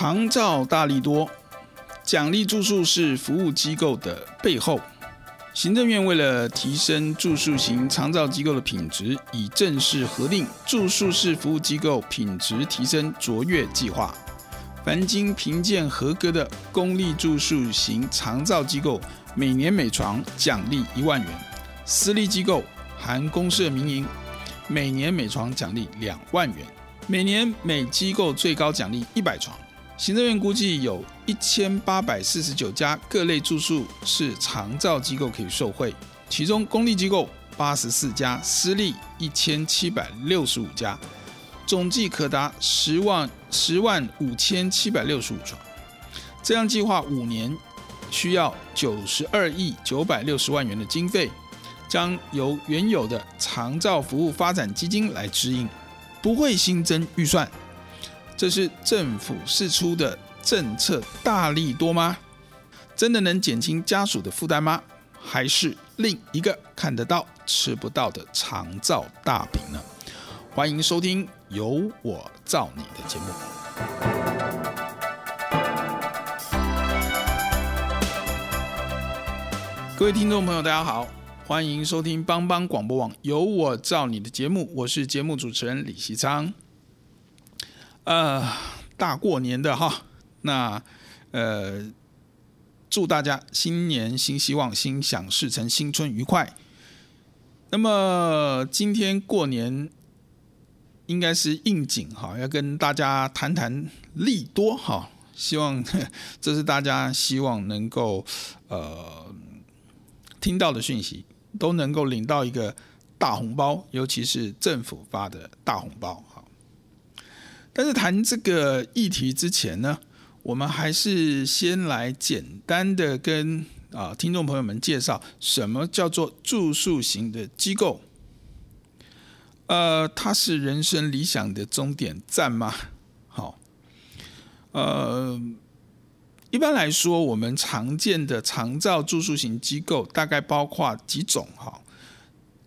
長照大利多，獎勵住宿式服務機構的背後，行政院為了提升住宿型長照機構的品質，已正式核定住宿式服務機構品質提升卓越計劃。凡經評鑑合格的公立住宿型長照機構，每年每床獎勵一萬元；私立機構（含公設民營），每年每床獎勵兩萬元，每年每機構最高獎勵一百床。行政院估計有一千八百四十九家各類住宿式長照機構可以受惠，其中公立機構八十四家，私立一千七百六十五家，總計可達十萬十萬五千七百六十五床。這項計劃五年需要九十二億九百六十萬元的經費，將由原有的長照服務發展基金來支應，不會新增預算。這是政府釋出的政策大利多嗎？真的能減輕家屬的負擔嗎？還是另一個看得到、吃不到的長照大餅呢？歡迎收聽《有我照你的》的節目。各位聽眾朋友，大家好，歡迎收聽幫幫廣播網《有我照你的》的節目，我是節目主持人李希昌。呃，大過年的哈，那呃，祝大家新年新希望，心想事成，新春愉快。那麼今天過年應該是應景哈，要跟大家談談利多哈。希望這是大家希望能夠呃聽到的訊息，都能夠領到一個大紅包，尤其是政府發的大紅包。但是談這個議題之前呢，我們還是先來簡單的跟啊、呃、聽眾朋友們介紹，什麼叫做住宿型的機構？呃，它是人生理想的終點站嗎？好、哦，呃，一般來說，我們常見的長照住宿型機構大概包括幾種哈、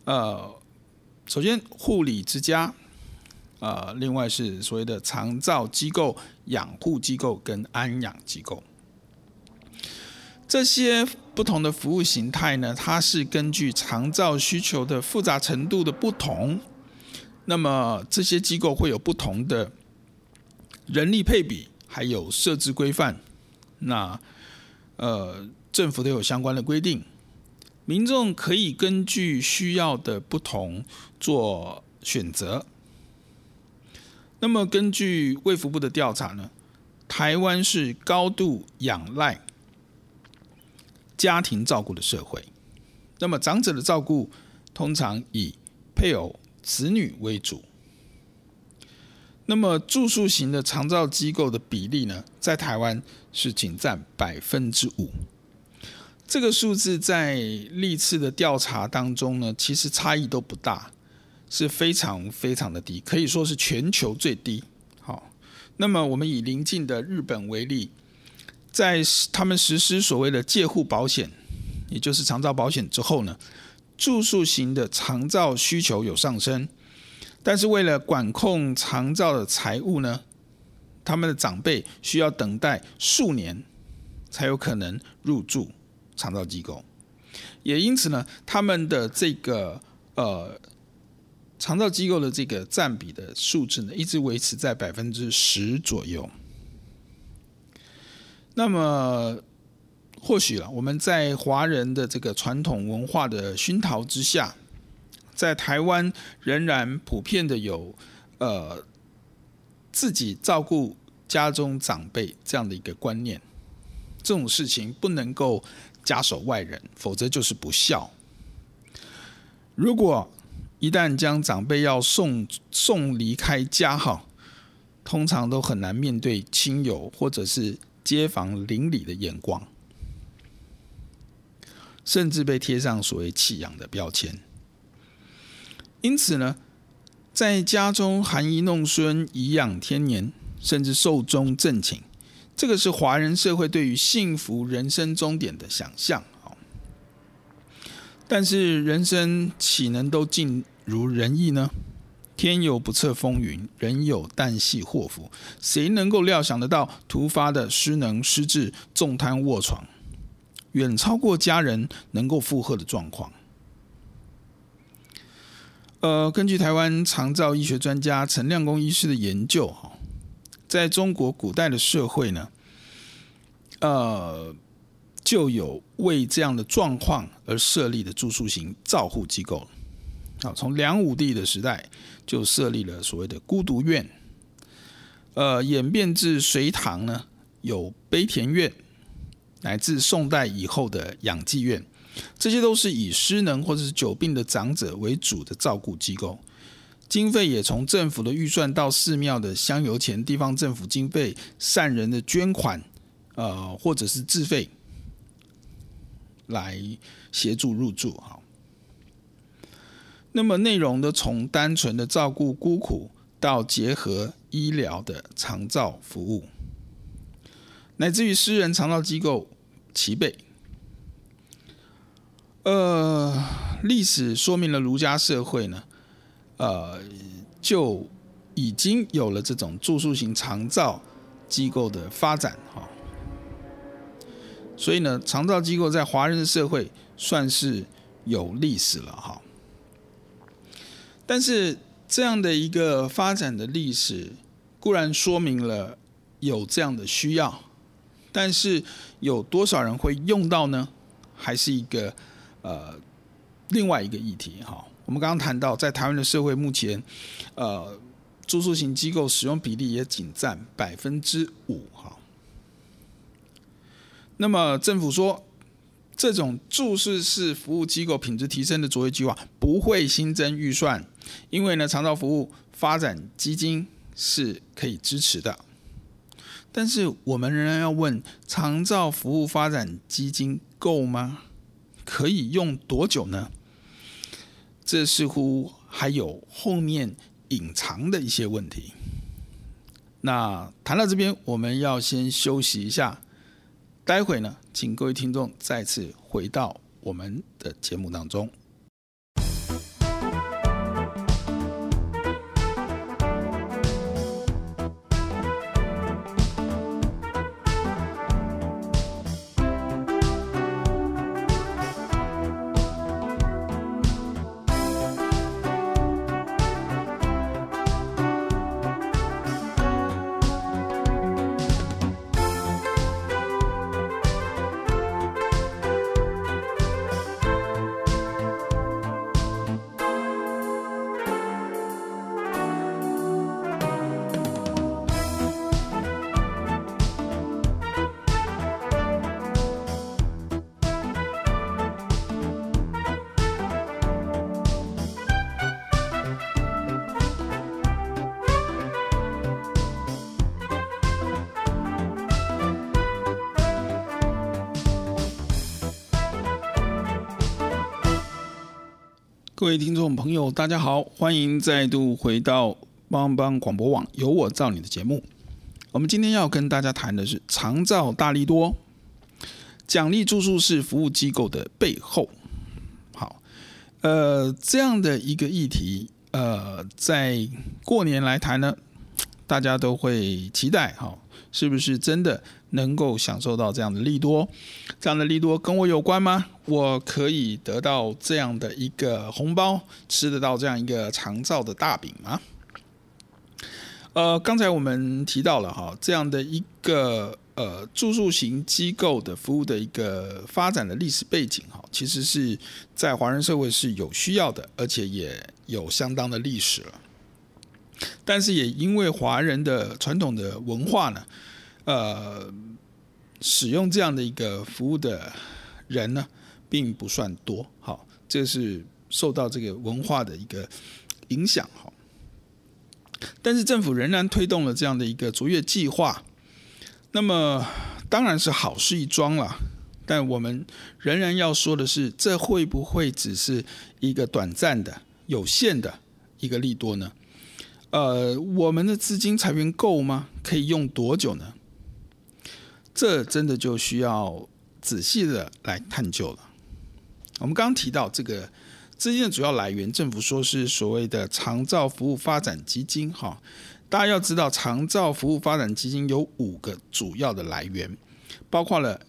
哦，呃，首先護理之家。呃，另外是所謂的長照機構、養護機構跟安養機構，這些不同的服務形態呢，它是根據長照需求的複雜程度的不同，那麼這些機構會有不同的人力配比，還有設置規範。那呃，政府都有相關的規定，民眾可以根據需要的不同做選擇。那麼根據衛福部的調查呢，台灣是高度仰賴家庭照顧的社會。那麼長者的照顧通常以配偶、子女為主。那麼住宿型的長照機構的比例呢，在台灣是僅占百分之五。這個數字在歷次的調查當中呢，其實差異都不大。是非常非常的低，可以說是全球最低。好，那麼我們以鄰近的日本為例，在他們實施所謂的介護保險，也就是長照保險之後呢，住宿型的長照需求有上升，但是為了管控長照的財務呢，他們的長輩需要等待數年，才有可能入住長照機構，也因此呢，他們的這個呃。長照機構的這個占比的數字呢，一直維持在百分之十左右。那麼，或許啊，我們在華人的這個傳統文化的熏陶之下，在台灣仍然普遍的有呃自己照顧家中長輩這樣的一個觀念。這種事情不能夠假手外人，否則就是不孝。如果一旦將長輩要送送離開家，哈，通常都很難面對親友或者是街坊鄰里的眼光，甚至被貼上所謂棄養的標籤。因此呢，在家中含飴弄孫、頤養天年，甚至壽終正寢，這個是華人社會對於幸福人生終點的想象。但是人生豈能都盡？如人意呢？天有不測風雲，人有旦夕禍福。誰能夠料想得到突發的失能失智、重癱臥床，遠超過家人能夠負荷的狀況？呃，根據台灣長照醫學專家陳亮恭醫師的研究，在中國古代的社會呢，呃，就有為這樣的狀況而設立的住宿型照護機構。好，從梁武帝的時代就設立了所謂的孤獨院，呃，演變至隋唐呢，有悲田院，乃至宋代以後的養濟院，這些都是以失能或者是久病的長者為主的照顧機構，經費也從政府的預算到寺廟的香油錢、地方政府經費、善人的捐款，呃，或者是自費，來協助入住。好。那麼內容的從單純的照顧孤苦，到結合醫療的長照服務，乃至於私人長照機構齊備。呃，歷史說明了儒家社會呢，呃，就已經有了這種住宿型長照機構的發展哈。所以呢，長照機構在華人的社會算是有歷史了哈。但是這樣的一個發展的歷史固然說明了有這樣的需要，但是有多少人會用到呢？還是一個呃另外一個議題哈。我們剛剛談到，在台灣的社會目前，呃，住宿型機構使用比例也僅佔百分之五哈。那麼政府說，這種住宿式服務機構品質提升的卓越計劃不會新增預算。因為呢，長照服務發展基金是可以支持的，但是我們仍然要問，長照服務發展基金夠嗎？可以用多久呢？這似乎還有後面隱藏的一些問題。那談到這邊，我們要先休息一下，待會呢，請各位聽眾再次回到我們的節目當中。各位聽眾朋友，大家好，歡迎再度回到幫幫廣播網，有我照你的節目。我們今天要跟大家談的是長照大利多獎勵住宿式服務機構的背後。好，呃，這樣的一個議題，呃，在過年來談呢。大家都會期待，哈，是不是真的能夠享受到這樣的利多？這樣的利多跟我有關嗎？我可以得到這樣的一個紅包，吃得到這樣一個長照的大餅嗎？呃，剛才我們提到了哈，這樣的一個呃住宿型機構的服務的一個發展的歷史背景，哈，其實是在華人社會是有需要的，而且也有相當的歷史了。但是也因為華人的傳統的文化呢，呃，使用這樣的一個服務的人呢，並不算多。好，這是受到這個文化的一個影響。好，但是政府仍然推動了這樣的一個卓越計劃。那麼當然是好事一樁了。但我們仍然要說的是，這會不會只是一個短暫的、有限的一個利多呢？呃，我們的資金財源夠嗎？可以用多久呢？這真的就需要仔細的來探究了。我們剛剛提到這個資金的主要來源，政府說是所謂的“長照服務發展基金”哈。大家要知道，“長照服務發展基金”有五個主要的來源，包括了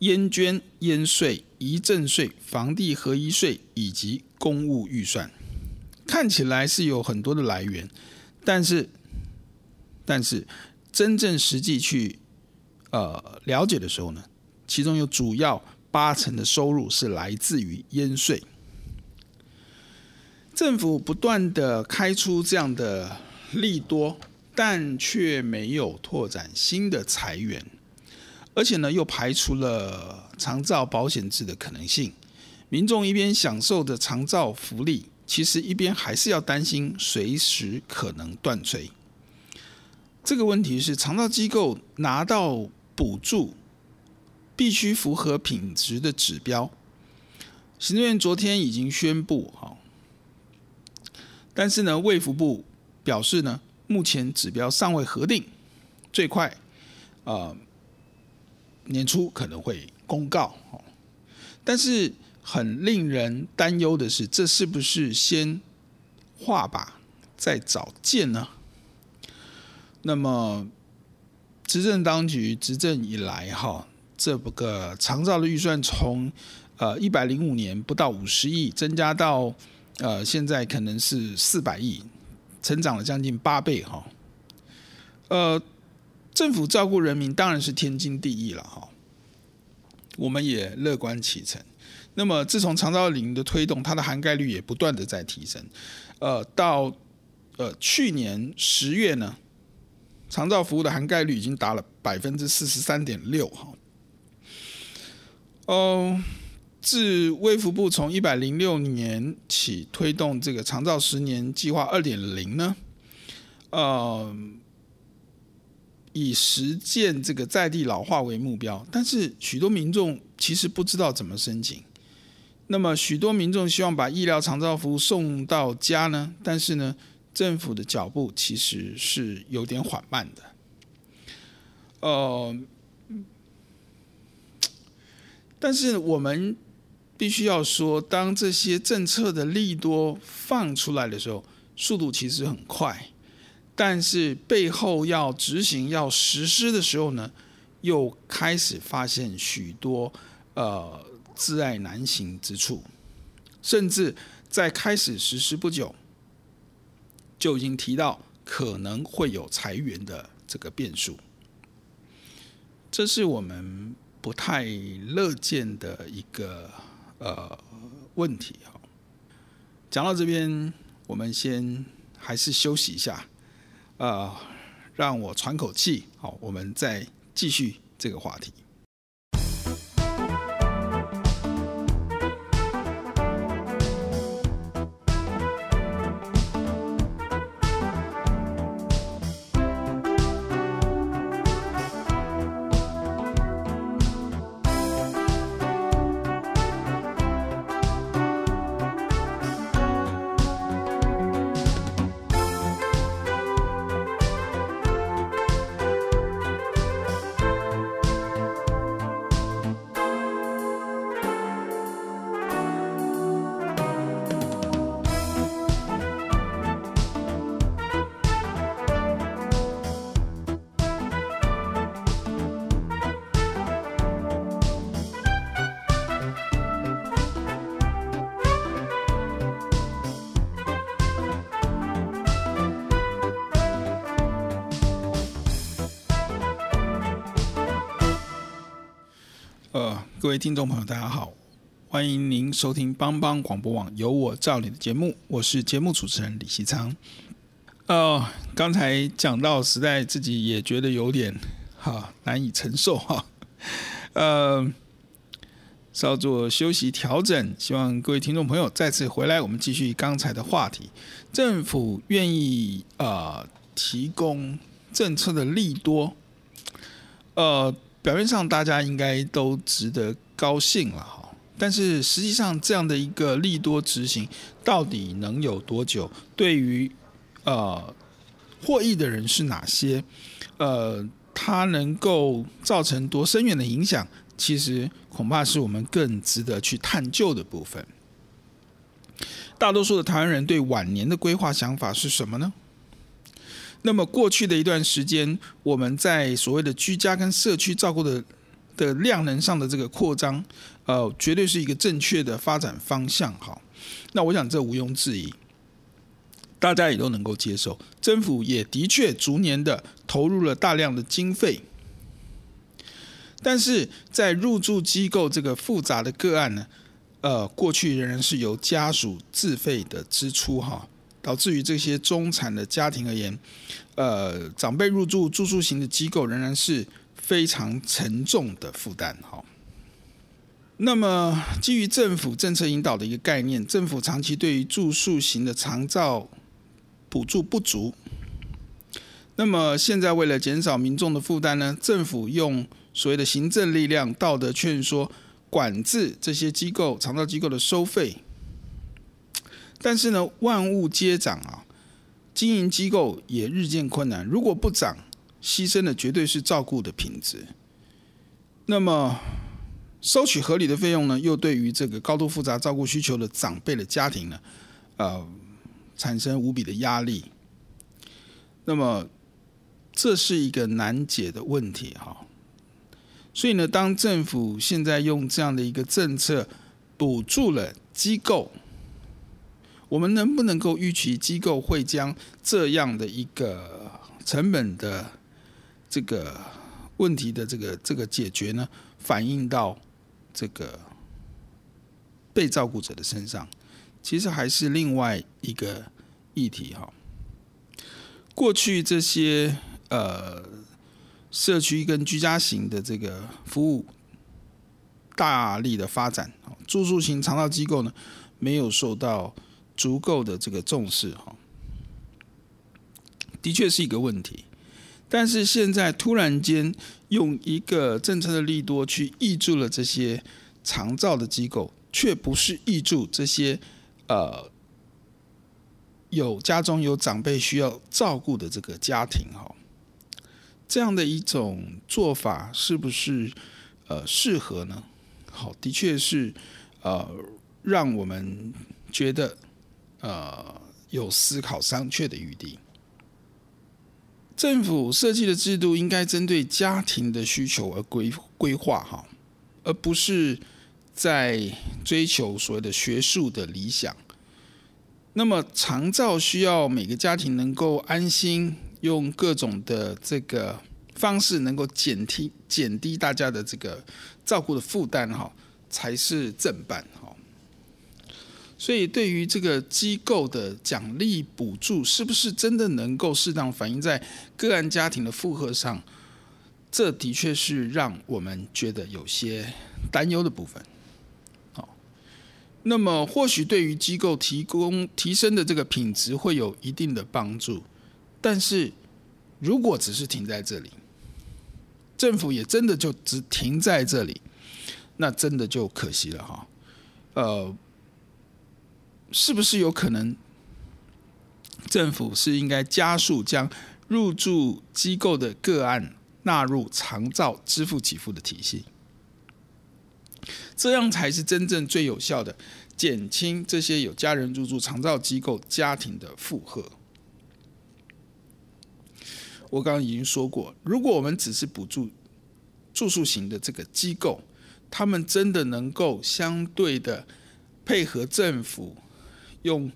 菸捐、菸稅、遺贈稅、房地合一稅以及公務預算。看起來是有很多的來源，但是，但是真正實際去呃了解的時候呢，其中有主要八成的收入是來自於煙稅。政府不斷的開出這樣的利多，但卻沒有拓展新的財源，而且呢，又排除了長照保險制的可能性。民眾一邊享受着長照福利。其實一邊還是要擔心隨時可能斷炊。這個問題是，長照機構拿到補助，必須符合品質的指標。行政院昨天已經宣布，好，但是呢，衛福部表示呢，目前指標尚未核定，最快啊、呃、年初可能會公告，但是。很令人擔憂的是，這是不是先畫靶，再找箭呢？那麼，執政當局執政以來，哈，這個長照的預算從呃一百零五年不到五十億，增加到呃現在可能是四百億，成長了將近八倍，哈。呃，政府照顧人民當然是天經地義了，哈。我們也樂觀其成。那麼，自從長照零的推動，它的涵蓋率也不斷的在提升。呃，到呃去年十月呢，長照服務的涵蓋率已經達了百分之四十三點六哈。哦，自、呃、衛福部從一百零六年起推動這個長照十年計劃二點零呢，呃，以實踐這個在地老化為目標，但是許多民眾其實不知道怎麼申請。那麼許多民眾希望把醫療長照服務送到家呢，但是呢，政府的腳步其實是有點緩慢的。呃，但是我們必須要說，當這些政策的利多放出來的時候，速度其實很快，但是背後要執行、要實施的時候呢，又開始發現許多呃。窒礙難行之處，甚至在開始實施不久，就已經提到可能會有裁員的這個變數，這是我們不太樂見的一個呃問題。講到這邊，我們先還是休息一下，呃，讓我喘口氣，好，我們再繼續這個話題。各位聽眾朋友，大家好，歡迎您收聽幫幫廣播網，有我照你的節目，我是節目主持人李希昌。呃，剛才講到，實在自己也覺得有點哈、啊、難以承受哈。呃，稍作休息調整，希望各位聽眾朋友再次回來，我們繼續剛才的話題。政府願意呃提供政策的利多，呃。表面上大家應該都值得高興了哈，但是實際上這樣的一個利多執行到底能有多久對？對於呃獲益的人是哪些？呃，他能夠造成多深遠的影響，其實恐怕是我們更值得去探究的部分。大多數的台灣人對晚年的規劃想法是什麼呢？那麼過去的一段時間，我們在所謂的居家跟社區照顧的的量能上的這個擴張，呃，絕對是一個正確的發展方向哈。那我想這毋庸置疑，大家也都能夠接受，政府也的確逐年的投入了大量的經費，但是在入住機構這個複雜的個案呢，呃，過去仍然是由家屬自費的支出哈。導致於這些中產的家庭而言，呃，長輩入住住宿型的機構仍然是非常沉重的負擔。好，那麼基於政府政策引導的一個概念，政府長期對於住宿型的長照補助不足。那麼現在為了減少民眾的負擔呢，政府用所謂的行政力量、道德勸說、管制這些機構，長照機構的收費。但是呢，萬物皆漲啊，經營機構也日漸困難。如果不漲，犧牲的絕對是照顧的品質。那麼，收取合理的費用呢，又對於這個高度複雜照顧需求的長輩的家庭呢，呃，產生無比的壓力。那麼，這是一個難解的問題哈。所以呢，當政府現在用這樣的一個政策，堵住了機構。我們能不能夠預期機構會將這樣的一個成本的這個問題的這個這個解決呢？反映到這個被照顧者的身上，其實還是另外一個議題哈。過去這些呃社區跟居家型的這個服務大力的發展，住宿型長照機構呢沒有受到。足夠的這個重視，哈，的確是一個問題。但是現在突然間用一個政策的利多去挹注了這些長照的機構，卻不是挹注這些呃有家中有長輩需要照顧的這個家庭，哈。這樣的一種做法是不是呃適合呢？好，的確是呃讓我們覺得。呃，有思考商榷的餘地。政府設計的制度應該針對家庭的需求而規規劃哈，而不是在追求所謂的學術的理想。那麼，長照需要每個家庭能夠安心，用各種的這個方式能，能夠減輕減低大家的這個照顧的負擔哈，才是正辦哈。所以，對於這個機構的獎勵補助，是不是真的能夠適當反映在個案家庭的負荷上？這的確是讓我們覺得有些擔憂的部分。好，那麼或許對於機構提供，提供提升的這個品質會有一定的幫助，但是如果只是停在這裡，政府也真的就只停在這裡，那真的就可惜了哈。呃。是不是有可能政府是應該加速將入住機構的個案納入長照支付給付的體系？這樣才是真正最有效的，減輕這些有家人入住長照機構家庭的負荷。我剛剛已經說過，如果我們只是補助住宿型的這個機構，他們真的能夠相對的配合政府，用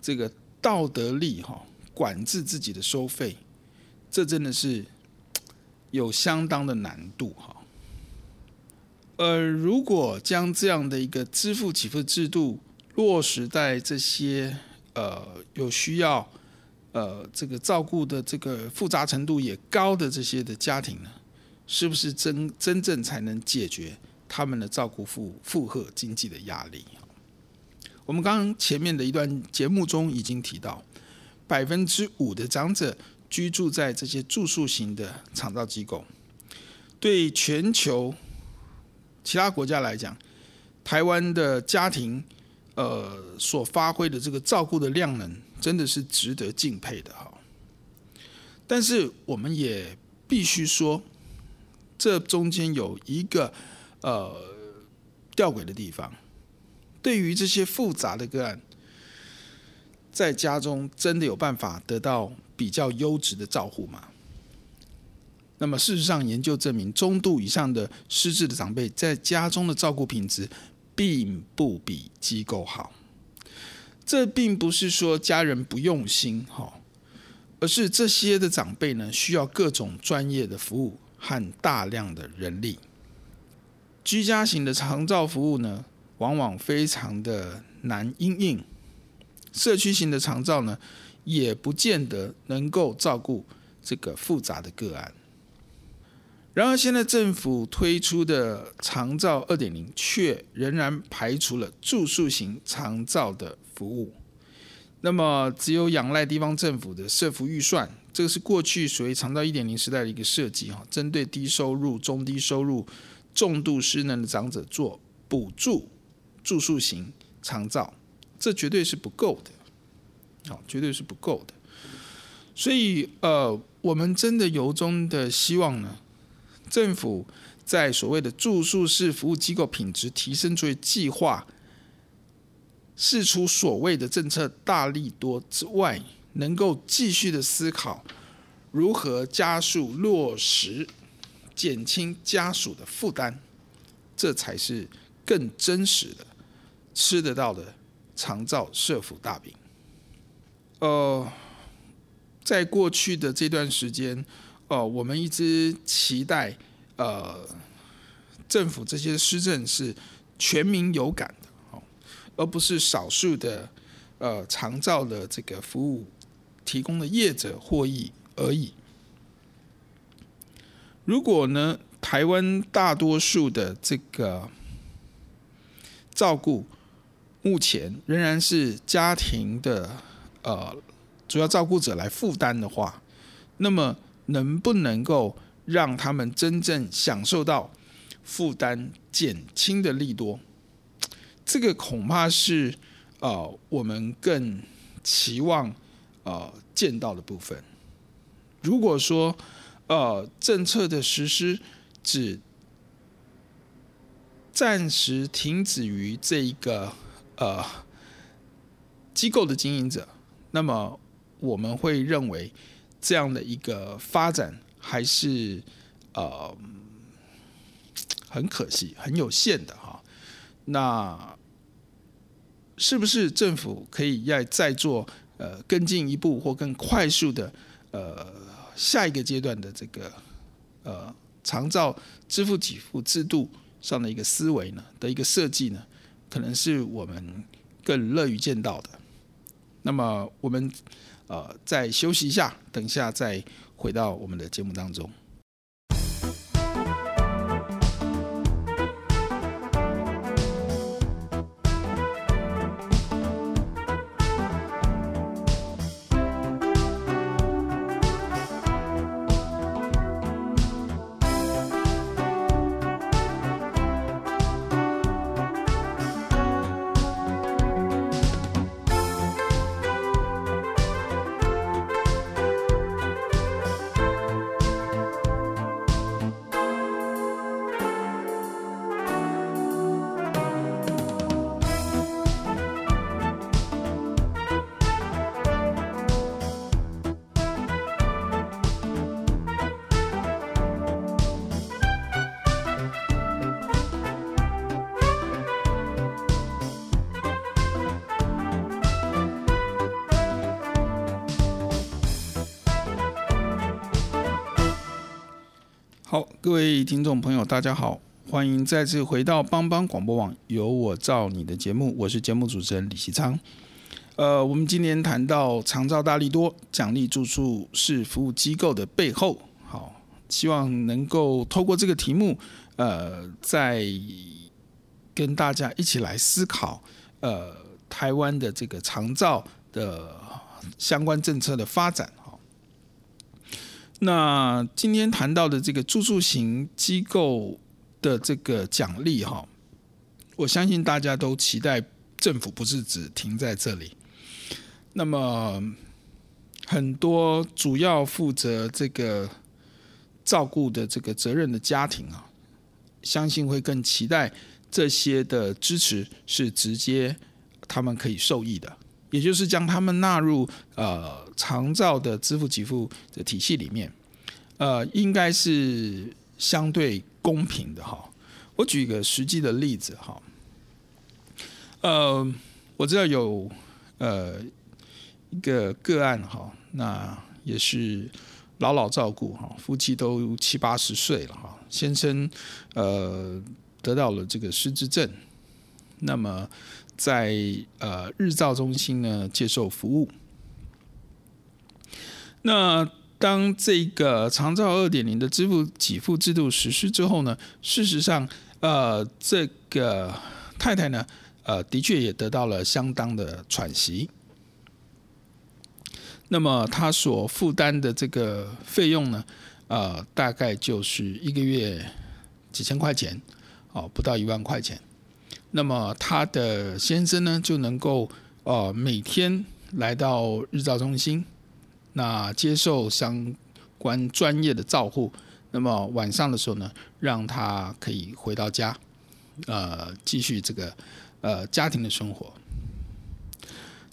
這個道德力哈管制自己的收費，這真的是有相當的難度哈。呃，如果將這樣的一個支付起付制度落實在這些呃有需要呃這個照顧的這個複雜程度也高的這些的家庭呢，是不是真真正才能解決他們的照顧負負荷經濟的壓力？我們剛前面的一段節目中已經提到，百分之五的長者居住在這些住宿型的長照機構，對全球其他國家來講，台灣的家庭，呃，所發揮的這個照顧的量能，真的是值得敬佩的哈。但是我們也必須說，這中間有一個呃弔詭的地方。對於這些複雜的個案，在家中真的有辦法得到比較優質的照護嗎？那麼事實上，研究證明，中度以上的失智的長輩在家中的照顧品質，並不比機構好。這並不是說家人不用心哈，而是這些的長輩呢，需要各種專業的服務和大量的人力。居家型的長照服務呢，往往非常的難因應應，社區型的長照呢，也不見得能夠照顧這個複雜的個案。然而，現在政府推出的長照二點零卻仍然排除了住宿型長照的服務。那麼，只有仰賴地方政府的社福預算，這個是過去所謂長照一點零時代的一個設計哈，針對低收入、中低收入、重度失能的長者做補助。住宿型長照，這絕對是不夠的，好，絕對是不夠的。所以，呃，我們真的由衷的希望呢，政府在所謂的住宿式服務機構品質提升卓越計畫，釋出所謂的政策大利多之外，能夠繼續的思考如何加速落實，減輕家屬的負擔，這才是更真實的。吃得到的長照社福大餅，呃，在過去的這段時間，呃，我們一直期待，呃，政府這些施政是全民有感的，好，而不是少數的呃長照的這個服務提供的業者獲益而已。如果呢，台灣大多數的這個照顧，目前仍然是家庭的呃主要照顧者來負擔的話，那麼能不能夠讓他們真正享受到負擔減輕的利多？這個恐怕是呃我們更期望呃見到的部分。如果說呃政策的實施只暫時停止於這一個。呃，機構的經營者，那麼我們會認為這樣的一個發展還是呃很可惜，很有限的哈。那是不是政府可以要再做呃更進一步或更快速的呃下一個階段的這個呃長照支付給付制度上的一個思維呢？的一個設計呢？可能是我們更樂於見到的。那麼，我們呃，再休息一下，等一下再回到我們的節目當中。好，各位聽眾朋友，大家好，歡迎再次回到幫幫廣播網，有我照你的節目，我是節目主持人李希昌。呃，我們今天談到長照大利多獎勵住宿式服務機構的背後，好，希望能夠透過這個題目，呃，再跟大家一起來思考，呃，台灣的這個長照的相關政策的發展。那今天談到的這個住宿型機構的這個獎勵哈，我相信大家都期待政府不是只停在這裡。那麼，很多主要負責這個照顧的這個責任的家庭啊，相信會更期待這些的支持是直接他們可以受益的。也就是將他們納入呃長照的支付給付的體系裡面，呃，應該是相對公平的哈。我舉一個實際的例子哈，呃，我知道有呃一個個案哈，那也是老老照顧哈，夫妻都七八十歲了哈，先生呃得到了這個失智症，那麼。在呃日照中心呢，接受服務。那當這個長照二點零的支付給付制度實施之後呢，事實上，呃，這個太太呢，呃，的確也得到了相當的喘息。那麼她所負擔的這個費用呢，呃，大概就是一個月幾千塊錢，哦，不到一萬塊錢。那麼他的先生呢，就能夠呃每天來到日照中心，那接受相關專業的照護。那麼晚上的時候呢，讓他可以回到家，呃，繼續這個呃家庭的生活。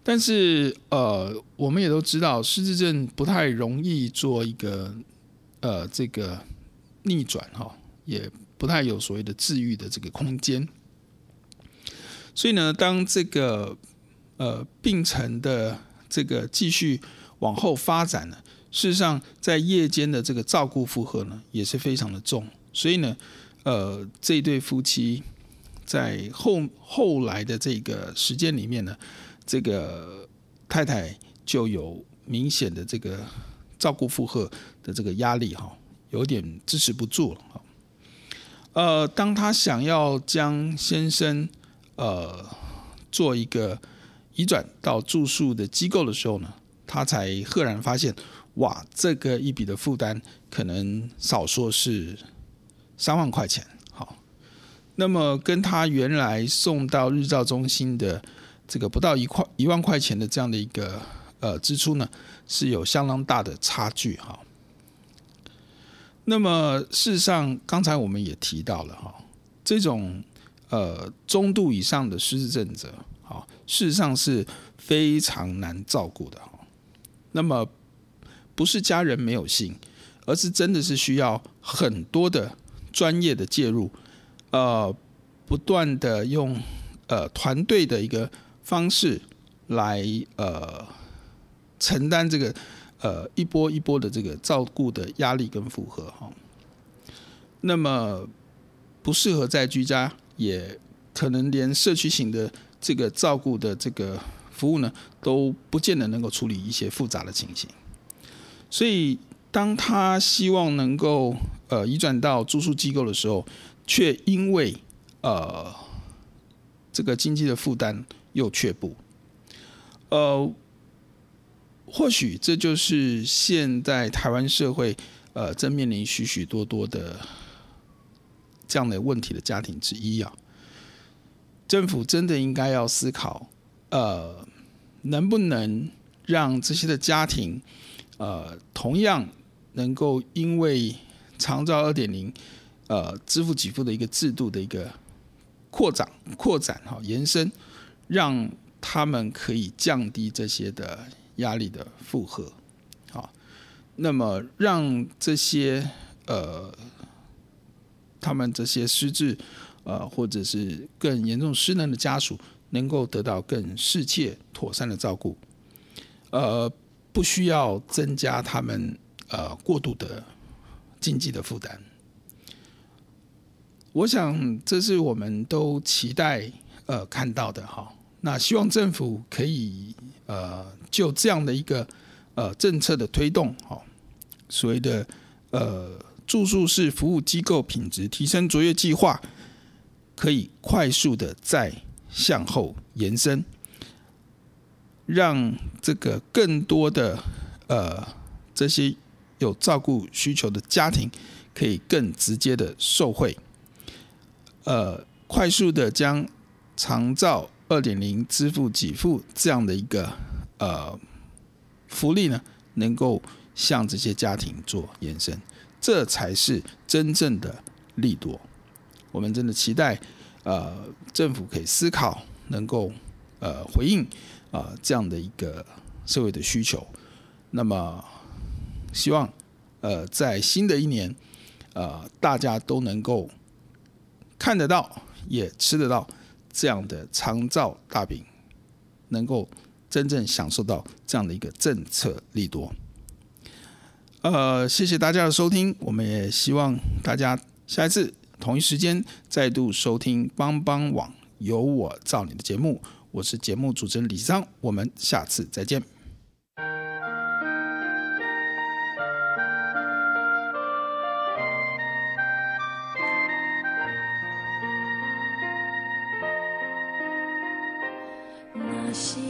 但是呃，我們也都知道，失智症不太容易做一個呃這個逆轉哈，也不太有所謂的治癒的這個空間。所以呢，當這個呃病程的這個繼續往後發展呢，事實上在夜間的這個照顧負荷呢也是非常的重。所以呢，呃，這對夫妻在後後來的這個時間裡面呢，這個太太就有明顯的這個照顧負荷的這個壓力哈，有點支持不住了哈。呃，當他想要將先生，呃，做一個移轉到住宿的機構的時候呢，他才赫然發現，哇，這個一筆的負擔可能少說是三萬塊錢。好，那麼跟他原來送到日照中心的這個不到一塊一萬塊錢的這樣的一個呃支出呢，是有相當大的差距哈。那麼事實上，剛才我們也提到了哈、哦，這種。呃，中度以上的失智症者，啊、哦，事實上是非常難照顧的哈、哦。那麼，不是家人沒有心，而是真的是需要很多的專業的介入，呃，不斷的用呃團隊的一個方式來呃承擔這個呃一波一波的這個照顧的壓力跟負荷哈、哦。那麼不適合在居家。也可能連社區型的這個照顧的這個服務呢，都不見得能夠處理一些複雜的情形。所以，當他希望能夠呃移轉到住宿機構的時候，卻因為呃這個經濟的負擔又卻步。呃，或許這就是現在台灣社會呃正面臨許許多多的。這樣的問題的家庭之一啊、哦，政府真的應該要思考，呃，能不能讓這些的家庭，呃，同樣能夠因為長照二點零，呃，支付給付的一個制度的一個擴展、擴展哈、延伸，讓他們可以降低這些的壓力的負荷，好，那麼讓這些呃。他們這些失智，啊、呃，或者是更嚴重失能的家屬，能夠得到更適切、妥善的照顧，呃，不需要增加他們呃過度的經濟的負擔。我想這是我們都期待呃看到的哈。那希望政府可以呃就這樣的一個呃政策的推動，哈，所謂的呃。住宿式服務機構品質提升卓越計劃，可以快速的再向後延伸，讓這個更多的呃這些有照顧需求的家庭，可以更直接的受惠，呃，快速的將長照2.0支付給付這樣的一個呃福利呢，能夠向這些家庭做延伸。這才是真正的利多。我們真的期待，呃，政府可以思考，能夠呃回應啊、呃、這樣的一個社會的需求。那麼，希望呃在新的一年，呃大家都能夠看得到，也吃得到這樣的長照大餅，能夠真正享受到這樣的一個政策利多。呃，謝謝大家的收聽，我們也希望大家下一次同一時間再度收聽《幫幫網》有我照你的節目，我是節目主持人李希昌，我們下次再見。嗯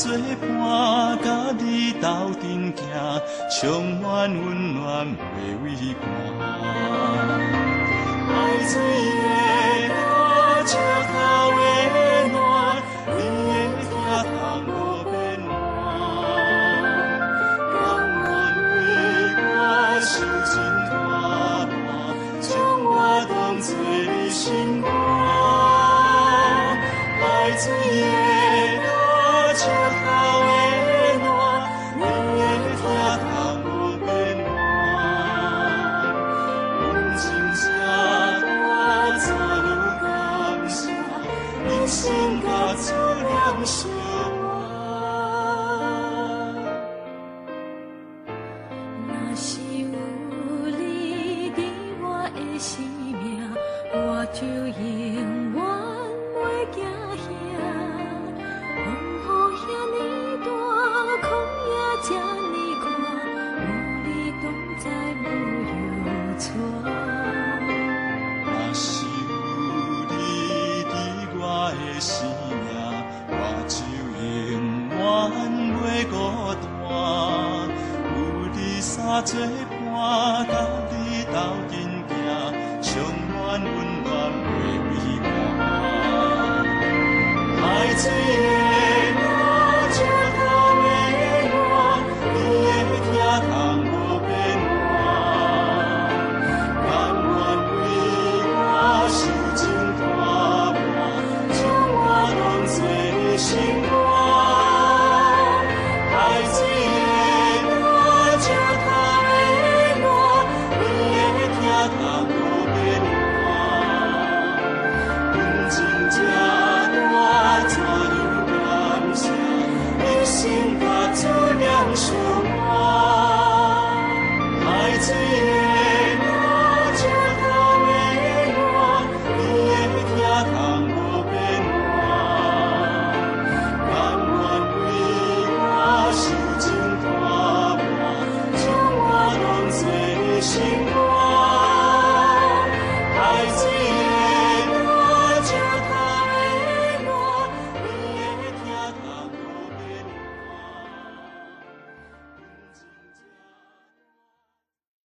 做伴，家己鬥陣行，充滿溫暖袂畏寒。海水的冷，石頭的暖，你的肩頭無變冷。甘願為我受煎熬，將我當作你心肝。海水的